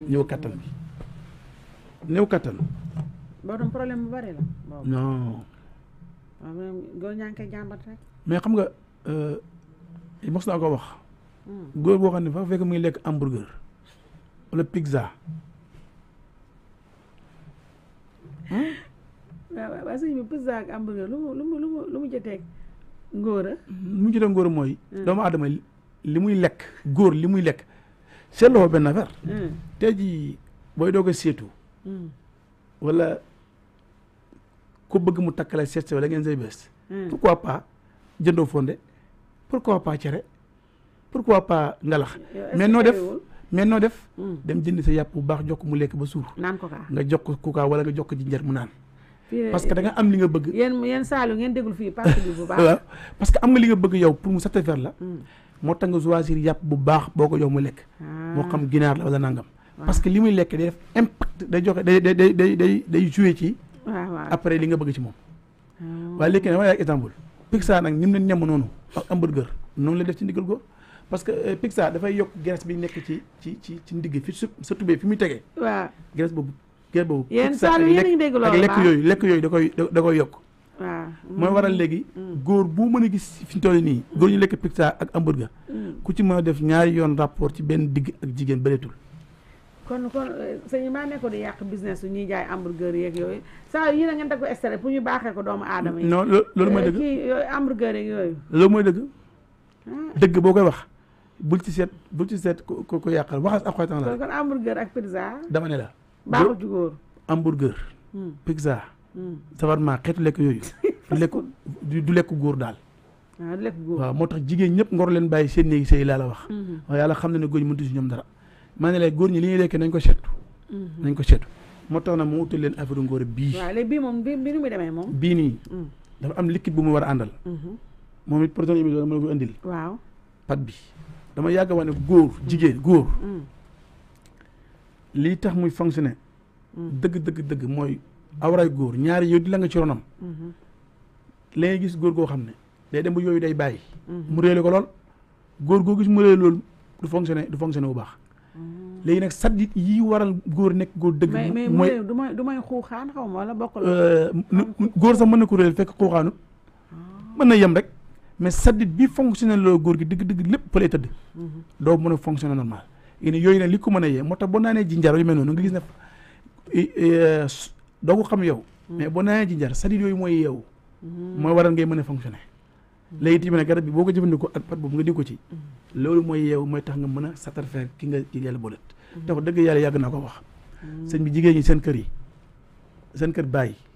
néew kattan bi new kattan. boo doon problème bu bari la. non. waaw même jàmbat rek. mais xam nga euh, mos naa ko wax. Hmm. góor boo xam ne fa fekk mu ngi lekk hamburger wala pizza. Hmm? waaw waaw sëñ bi pizza ak hamburger lu mu lu mu lu mu lu ngóora. lu mu jotee ngóora mooy. Hmm. doomu aadama li muy lekk góor li muy lekk. seetloo benn affaire. Mm. tey jii booy doog a seetu. Mm. wala ku bëgg mu takkale seet wala ngeen say bees. Mm. pourquoi pas jëndoo fonde pourquoi pas cere pourquoi pas ngalax. mais noo def mais noo def. dem jënd sa yàpp bu baax jox ko mu lekk ba suur. naan ko kaa nga jox ko kukaa wala nga jox ko jinjar mu naan. parce que da nga am li nga bëgg. yéen yéen Saalum ngeen déglu fii parce parce que am nga li nga bëgg yow pour mu satisfaire la. moo tax nga choisir yàpp bu baax boo ko jox mu lekk. Ah. moo xam ginaar la wala nangam. parce que li muy lekk day def impact day joxe day day day day day joué ci. après li nga bëgg ci moom. Ah. waaye léegi nag ma yaay Istanbul. Pixar nag ni mu leen ñem noonu ak hamburger noonu la def ci ndigal góor parce que euh, Pixar dafay yokk graisse bi nekk ci ci ci ci ndigg fi sa tubéy fi muy tegee. waaw graisse boobu graisse boobu. yéen a ngi dégg loolu lekk yooyu lekk yooyu da koy da koy yokk. mooy mm-hmm. waral léegi mm-hmm. góor bu mën a gis fi ñu toll nii góor ñu lekk pizza ak hamburger mm-hmm. ku ci mën a def ñaari yoon rapport ci benn digg ak jigéen bëreetul kon kon eh, sëñ maa nekkoon di yàq business su ñuy jaay hamburger yeeg yooyu saa yi na ngeen baaxee ko doomu aadama yi non eh, loolu mooy dëgg kii yooyu mooy dëgg dëgg boo koy wax bul ci seet bul ci seet ko ko yàqal waxas ak xoytan la kon ak pizza dama ne la baaxul ci góor hamburger hmm. pizza hmm. sawarma xeetu lekk yooyu du lekk du lekk góor daal. Ah, waaw moo tax jigéen ñëpp ngor leen bàyyi seen néegi sëy laa la wax. Mhm. waaye yàlla xam na ne góor ñi mënut si ñoom dara. maa ne la góor ñi li ñuy lekkee nañ ko seetu. Mhm. nañ ko seetu moo tax nag mu utal leen affaire ngóor bii. waaw léegi bii moom bii bii moom. bii nii. Mm. dafa am liquide bu mu war a àndal. Mhm. moom it président émission dama la ko indil. waaw pat bi dama yàgg a wax ne góor jigéen góor. Mm. li tax muy fonctionner. Mm. dëgg dëgg dëgg mooy awraay góor ñaari yow di la nga ci ronam. la ngay gis góor goo xam ne day dem ba yooyu day bàyyi. Mhm. mu réele ko lool góor goo gis mu réele loolu du fonctionner du fonctionner bu baax. Mhm. léegi nag sat yi waral góor nekk góor dëgg. mooy mais du may du may xuuxaan xaw ma euh, góor sax mën na ko réel fekk xuuxaanut ah. mën na yem rek mais sadit bi fonctionner loolu góor gi dëgg dëgg lépp fa tëdd. Mhm. doo mën a fonctionner normal yéen yooyu nag li ko mën a yee moo tax boo naanee jinjar yu mel noonu nga gis ne eh, eh, doo ko xam yow. mais boo naanee jinjar sadit yooyu mooy yeewu. mooy waral ngay mën a fonctionner léegi tamit nag garab bi boo ko jëfandikoo ak pat boobu nga di ko ci loolu mooy yeew mooy tax nga mën a satisfaire ki nga ki yàlla boolet te ko dëgg yàlla yàgg naa ko wax mm. sëñ bi jigéen ñi seen kër yi seen kër bàyyi